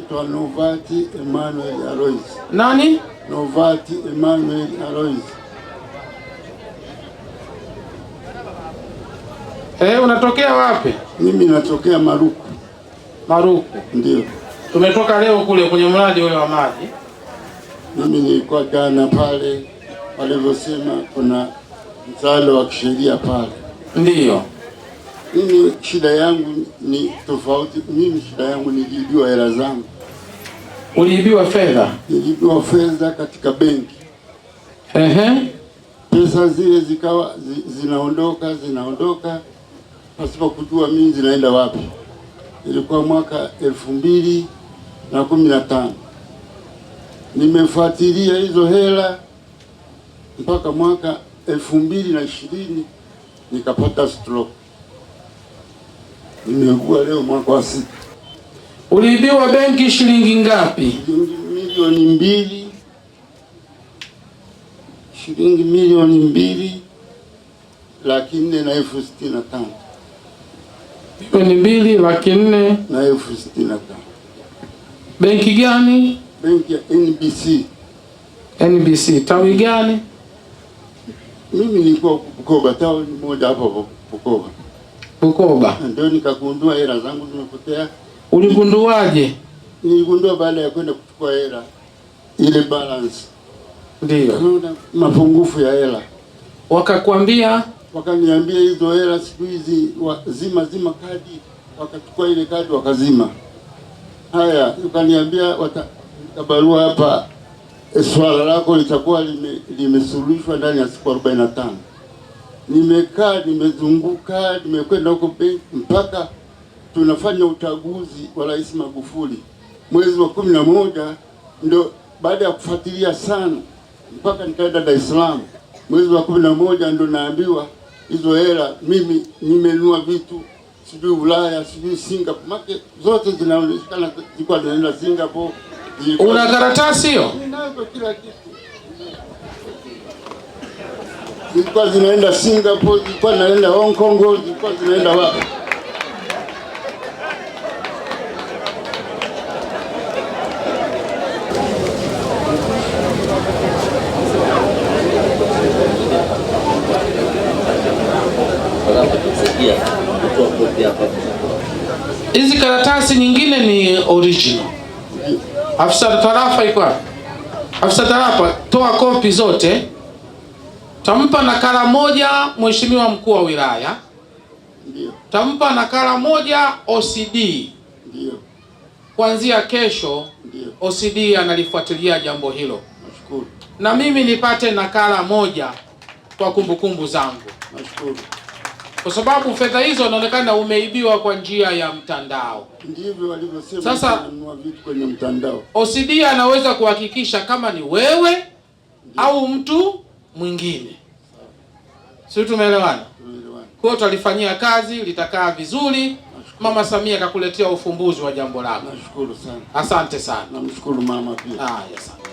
anaitwa Novati Emmanuel Alois. Nani? Novati Emmanuel Alois. Eh, unatokea wapi? Mimi natokea Maruku. Maruku. Ndio. Tumetoka leo kule kwenye mradi ule wa maji. Mimi nilikuwa Ghana pale walivyosema kuna mtaala wa kisheria pale. Ndio. Mimi shida yangu ni tofauti. Mimi shida yangu niliibiwa hela zangu. Uliibiwa fedha? Niliibiwa fedha katika benki. Ehe. Pesa zile zikawa zi, zinaondoka zinaondoka pasipo kujua mimi zinaenda wapi. Ilikuwa mwaka elfu mbili na kumi na tano. Nimefuatilia hizo hela mpaka mwaka elfu mbili na ishirini nikapata stroke. Nimekuwa leo mwaka wa sita. Uliibiwa benki shilingi ngapi? Milioni mbili, shilingi milioni mbili laki nne na elfu sitini na tano. Milioni mbili laki nne na elfu sitini na tano. Benki gani? Benki ya NBC. NBC tawi gani? Mimi nilikuwa Bukoba, tawi moja hapo Bukoba. Bukoba. Ndio nikagundua hela zangu zimepotea. Uligunduaje? Niligundua baada ya kwenda kuchukua hela ile balance. Ndio. Mapungufu ya hela. Wakakwambia, wakaniambia hizo hela siku hizi zima zima kadi, wakachukua ile kadi wakazima. Haya, ukaniambia wata barua hapa, e, swala lako litakuwa limesuluhishwa lime ndani ya siku 45 nimekaa nimezunguka, nimekwenda huko mpaka tunafanya uchaguzi wa Rais Magufuli mwezi wa kumi na moja ndio baada ya kufuatilia sana mpaka nikaenda Dar es Salaam mwezi wa kumi na moja ndo naambiwa hizo hela mimi nimenua vitu sijui Ulaya sijui Singapore, make zote zinaonekana zilikuwa zinaenda Singapore. Una karatasi hiyo? Ninayo kila kitu zilikuwa zinaenda Singapore, zilikuwa zinaenda Hong Kong, zilikuwa zinaenda wapi? Hizi karatasi nyingine ni original. Afisa tarafa iko, afisa tarafa toa kopi zote. Tampa nakala moja mheshimiwa mkuu wa wilaya, ndio. Tampa nakala moja OCD, ndio. Kuanzia kesho, Ndiyo. OCD analifuatilia jambo hilo. Nashukuru. Na mimi nipate nakala moja kwa kumbukumbu zangu. Nashukuru. Kwa sababu fedha hizo inaonekana umeibiwa kwa njia ya mtandao. Ndivyo walivyosema. Sasa vitu kwenye mtandao. OCD anaweza kuhakikisha kama ni wewe Ndiyo. au mtu mwingine. Sio, tumeelewana? Kwa hiyo kazi, litakaa vizuri. Mama Samia akakuletea ufumbuzi wa jambo lako. Nashukuru sana. Asante sana. Namshukuru mama pia. Ah, yes,